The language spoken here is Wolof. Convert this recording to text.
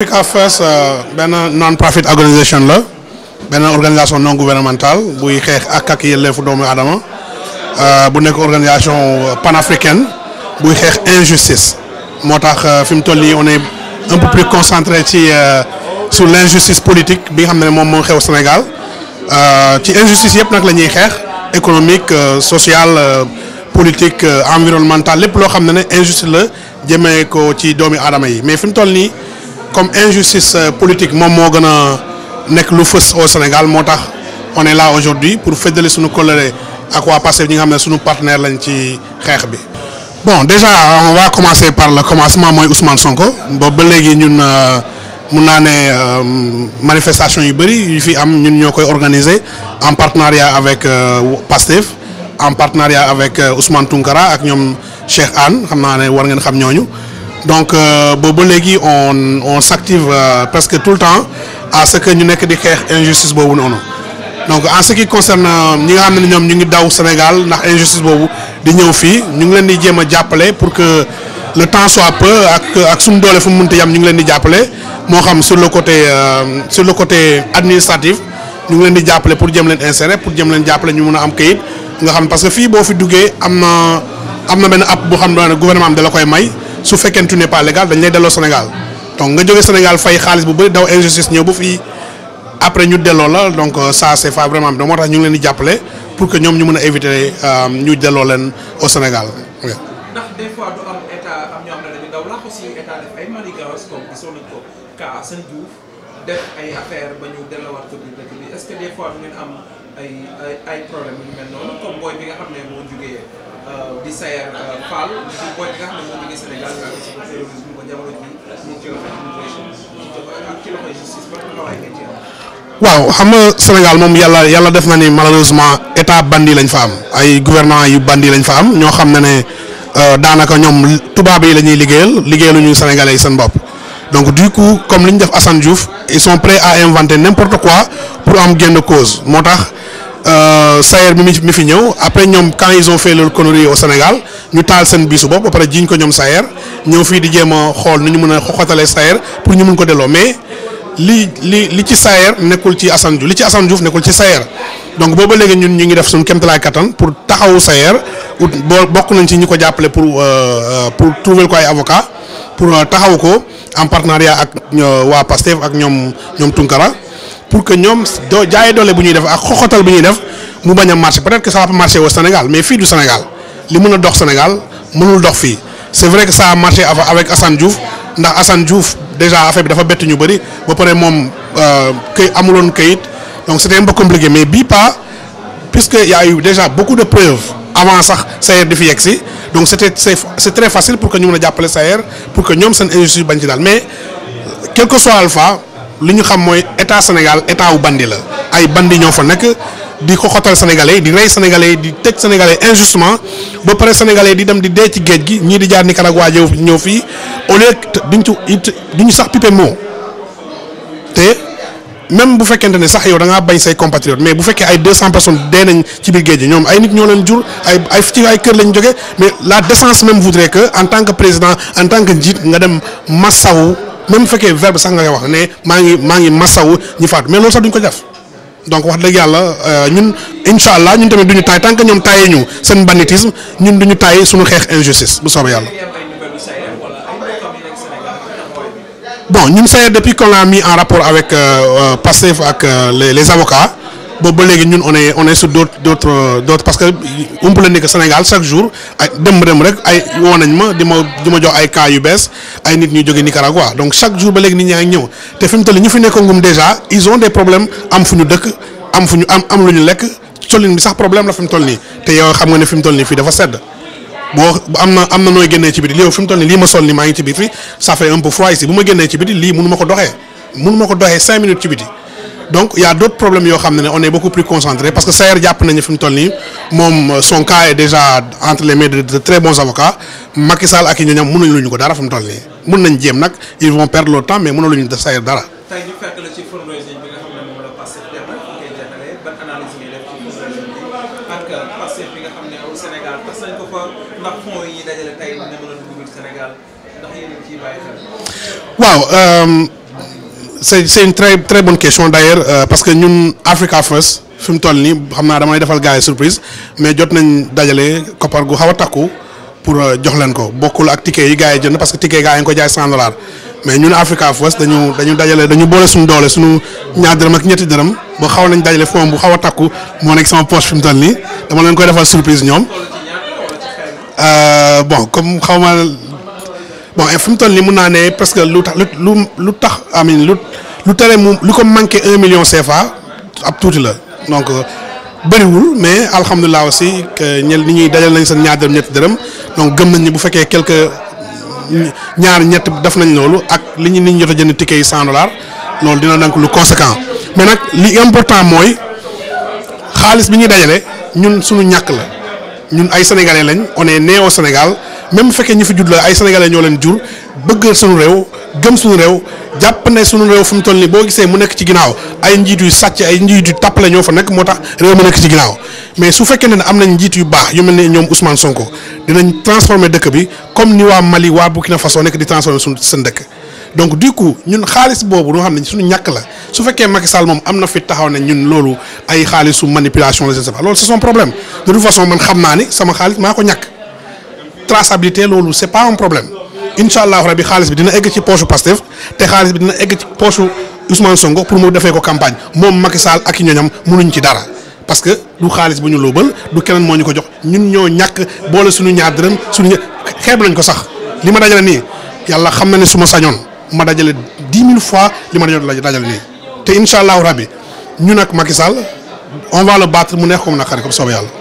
Public Affairs e euh, benn non profit organisation la benn organisation non gouvernementale buy xeex ak ak yelleefu doomu aadama euh, bu nekk organisation euh, panafricaine buy xeex injustice moo tax fi mu toll nii on est un peu plus concentré ci sur l' injustice politique bi nga xam ne moom moo xew Sénégal ci injustice yëpp nag la ñuy xeex économique sociale politique environnemental lépp loo xam ne ne injustice la jëmee ko ci doomi aadama yi mais fi toll nii. comme injustice euh, politique moom moo gën a nekk lu fës au Sénégal moo tax on est là aujourd'hui pour fédérer suñu colère ak waa Pastef ñi nga xam ne suñu partenaire lañ ci xeex bi. bon déjà on waa commencer par la commencement mooy Ousmane Sonko boobu ba léegi ñun euh, mun naa ne euh, manifestation yu bëri yu fi am ñun ñoo koy organiser en partenariat avec Pastef en partenariat avec Ousmane Tounkara ak ñoom Cheikh Anne xam naa ne war ngeen xam ñooñu. donc euh, boobu léegi on on s'active euh, presque tout le temps à que ñu nekk di xeex injustice boobu noonu donc en ce qui concerne euh, ñi nga xam ne ñoom ñu ngi daw Sénégal ndax injustice boobu di ñëw fii ñu ngi leen di jéem a jàppale pour que le temps soit peu ak ak suñu doole fu mu mënti yam ñu ngi leen di jàppale moo xam sur le côté sur le côté administratif ñu ngi leen di jàppale pour jëm leen insérer pour jëm leen jàppale ñu mun a am kayit nga xam parce que fii boo fi duggee am na am na benn app boo xam ne gouvernement am da la koy may. su fekkee tu n'es pas légal dañ lay delloo Sénégal donc nga jógee Sénégal fay xaalis bu bëri daw injustice ñëw ba fii après ñu delloo la donc euh, ça c'est pas vraiment moo tax ñu ngi leen di jàppale pour que ñoom ñu mën a éviter euh, ñu delloo leen au Sénégal. ndax des fois du am état am ñoo xam ne dañu daw laax aussi état def ay manigances comme gisoon nañu ko cas Sën Diouf def ay affaire ba ñu delloowaat ko biir dëkk bi est-ce que des fois du ngeen am ay ay problème yu mel Euh, di Sayer euh, Fall di booy am. waaw xam nga Sénégal moom yàlla yàlla def na ni malheureusement état bandi lañ fa am ay gouvernement yi bandi lañ fa am ñoo xam ne ne euh, daanaka ñoom tubaab yi la ñuy liggéeyal liggéeyaluñu Sénégalais yi seen bopp. donc du coup comme li ñu def Assane Diouf ils sont prêts à inventer n'importe quoi pour am génn cause moo tax Euh, Sayer mi mi fi ñëw après ñoom quand ils ont fait leur connerie au Sénégal ñu taal seen bisu bopp ba pare jiñ ko ñoom Sayer ñëw fii di jéem a xool nu ñu mën a xoxatalee Sayer pour ñu mën ko delloo mais li li li ci Sayer nekkul ci Assane Diouf li ci Assane Diouf nekkul ci Sayer donc booba léegi ñun ñu ngi def suñu kéemtalaay kattan pour taxawu Sayer ut boo bokk nañ ci ñi ko jàppale pour euh, euh, pour trouver ko ay avocat pour taxawu ko en partenariat ak waa PASTEF ak ñoom ñoom Tunkara. pour que ñoom doo jaay doole bu ñuy def ak xoxotal bu ñuy def mu bañ a marché peut-être que ça va marcher au Sénégal mais fii du Sénégal li mën a dox Sénégal mënul dox fii c'est vrai que ça a marché avec Assane Diouf ndax Assane Diouf déjà affaire bi dafa bett ñu bëri ba pare moom euh, këy amuloon këyit donc c'était un peu compliqué mais bii pas puisque y a eu déjà beaucoup de preuves avant sax Sayer di fi yegg si donc c'était c'est très facile pour que ñu mën a jàppale Sayer pour que ñoom seen industrie bañ ci daal mais quel que li ñu xam mooy état Sénégal état wu bandi la ay bandi ñoo fa nekk di xoxotal sénégalais di rey sénégalais di tëj sénégalais injustement ba pare sénégalais di dem di dee ci géej gi ñii di jaar Nicaragua jëw ñëw fii au lieu duñ ci it duñu sax pipe moo te même bu fekkente ne sax yow da ngaa bañ say compatriotes mais bu fekkee ay 200 personnes dee nañ ci biir géej gi ñoom ay nit ñoo leen jur ay ay ci ay kër lañ jóge mais la défense même voudrait que en tant que président en tant que njiit nga dem massawu. même bu fekkee verbe sax nga wax ne maa ngi maa ngi masawu ñi faatu mais loolu sax duñ ko def donc wax dëgg yàlla euh, ñun incha allah ñun tamit duñu taay tant que ñoom taayee ñu seen banditisme ñun duñu taay suñu xeex injustice bu soobee yàlla. bon ñun ça depuis qu'on a mis en rapport avec euh, euh, Pastef ak les les avocats. boobu ba léegi ñun on est on est sur d' parce que umpale ni que Sénégal chaque jour ay dem dem rek ay woo nañ ma di ma di jox ay cas yu bees ay nit ñuy jógee Nicaragua donc chaque jour ba léegi nit ñaa ngi ñëw te fi mu toll ñu fi nekkoon déjà ils ont des problèmes am fu ñu dëkk am fu ñu am am lu lekk colline bi sax problème la fi mu toll nii te yow xam nga ne fi mu toll nii fii dafa sedd. boo am na nooy génnee ci biti lii fi mu toll nii lii ma sol nii maa ngi ci biti ça fait un lii mënu ko doxee mënu ko doxee cinq minutes ci donc il y a yoo xam ne on est beaucoup plus concentré parce que Sayer jàpp nañu fi toll nii moom son cas est déjà entre les mains de de très bons avocats Macky Sall ak i ñooñam mënuñu luñu ko dara fi mu toll nii mën nañ jéem nag ils vont perdre leur temps mais mënaluñu def Sayer dara. ñu fekk la ko fa ndax fonds yi dajale tey ne mën a dugg biir Sénégal waaw. Euh, c'est c'est une très très bonne question d'ailleurs euh, parce que ñun Africa First fi mu toll nii xam naa damay defal gars yi surprise mais jot nañ dajale koppar gu xaw a takku pour euh, jox leen ko bokkul ak ticket yi gars yi jënd parce que ticket gars yi nga ko jaay cent dollars mais ñun Africa First dañu dajale dañu boole suñu doole suñu ñaar dërëm ak ñetti dërëm ba xaw nañ dajale foom bu xaw a takku moo nekk sama poche fi mu toll nii dama leen koy defal surprise ñoom euh, bon comme xaw ma bon et fu mu toll nii mun naa ne parce que lu tax lu lu tax amin lu lu tere mu lu ko manqué un million CFA ab tuuti la donc euh, bëriwul mais alhamdulilah aussi que ñel ni ñuy dajal nañ seen ñaar dërëm ñetti dërëm donc gëm nañ ni bu fekkee quelque ñaar ñett def nañ loolu ak li ñu ni ñu jot a jënd ticket yi cent dollars loolu dina donc lu conséquent mais nag li important mooy xaalis bi ñuy dajale ñun suñu ñàkk la ñun ay sénégalais lañ on est Sénégal. même bu fekkee ñu fi judd la ay sénégalais ñoo leen jur bëggal suñu réew gëm suñu réew jàpp ne suñu réew fu mu toll nii boo gisee mu nekk ci ginnaaw ay njiit yu sàcc ay njiit yu tàppale ñoo fa nekk moo tax réew mu nekk ci ginnaaw mais su fekkee ne am nañ njiit yu baax yu mel ne ñoom Ousmane Sonko dinañ transformer dëkk bi comme ni waa Mali waa Burkina Faso nekk di transformer suñu seen dëkk. donc du coup ñun xaalis boobu loo xam ne suñu ñàkk la su fekkee Macky Sall moom am na fi taxaw ne ñun loolu ay xaalisu manipulation la je ne sais pas loolu c'est son problème de toute façon man xam naa ni sama xaalis maa ko ñàkk traçabilité loolu c'est pas un problème incha allahu rabi xaalis bi dina egg ci poche Pastef te xaalis bi dina egg ci poche Ousmane Sonko pour mu defee ko campagne moom Macky Sall ak i ñoñam mënuñ ci dara parce que du xaalis bu ñu lóobal du keneen moo ñu ko jox ñun ñoo ñàkk boole suñu ñaar dërëm suñu xeeb nañ ko sax li ma dajale nii yàlla xam na ne su ma sañoon ma dajale dix mille fois li ma dajale nii te incha allahu rabi ñun ak Macky Sall on va le mu neex ko mu naqari ko soobee yàlla.